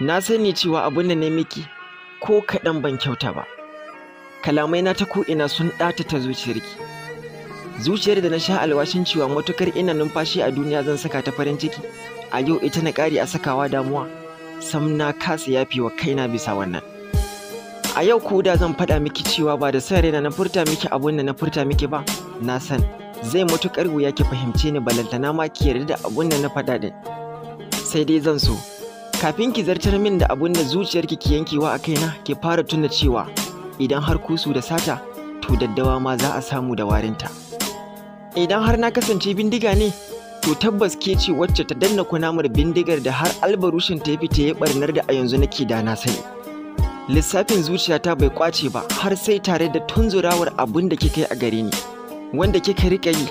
na sani cewa abin da ne miki ko kaɗan ban kyauta ba kalamai na ta ko'ina sun ɗata ta zuciyarki zuciyar da na sha alwashin cewa matukar ina numfashi a duniya zan saka ta farin ciki a yau ita na ƙari a sakawa damuwa sam na kasa wa kaina bisa wannan a yau ko da zan faɗa miki cewa ba da son na furta miki abin da na furta miki ba na san zai matuƙar wuya ki fahimce ni balantana ma ki yarda da abin da na faɗa din sai dai zan so Kafin ki zartar min da abun da zuciyarki ke yankewa a kaina ke fara tuna cewa idan har kusu da sata to daddawa ma za a samu da warinta. Idan har na kasance bindiga ne to tabbas ke ce wacce ta danna kunamar bindigar da har albarushin ta fita ya barnar da a yanzu nake da na sani. Lissafin zuciyata bai kwace ba har sai tare da tunzurawar abun da kika yi a gare ni wanda kika rika yi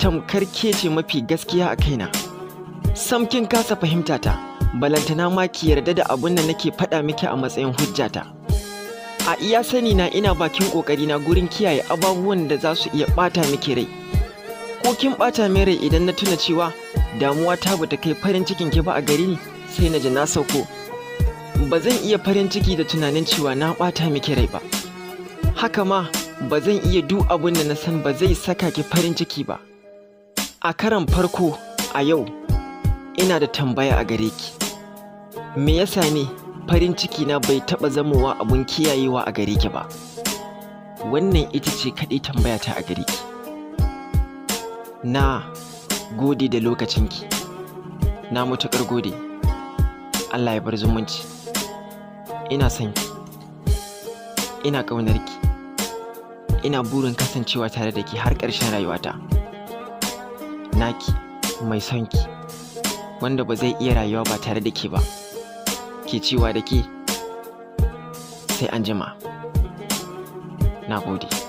tamkar ke ce mafi gaskiya a kaina. Sam kin kasa fahimta ta. balantana ma ki yarda da abin da nake faɗa miki a matsayin hujjata a iya sani na ina bakin kokari na gurin kiyaye ababuwan da za su iya ɓata miki rai ko kin ɓata mai rai idan na tuna cewa damuwa ta bata kai farin cikin ki ba a gari ni sai na ji na sauko ba zan iya farin ciki da tunanin cewa na ɓata miki rai ba haka ma ba zan iya duk abun da na san ba zai saka ki farin ciki ba a karan farko a yau ina da tambaya a gare ki me ya same farin ciki na bai taɓa zamowa abun kiyayewa a gare ki ba wannan ita ce kaɗai tambaya ta a gare ki na gode da lokacinki na matuƙar gode allah ya bar zumunci ina son ki ina ƙaunar ki ina burin kasancewa tare da ki har ƙarshen rayuwata naki mai son ki wanda ba zai iya rayuwa ba tare da ke ba ke cewa da ke sai an jima na gode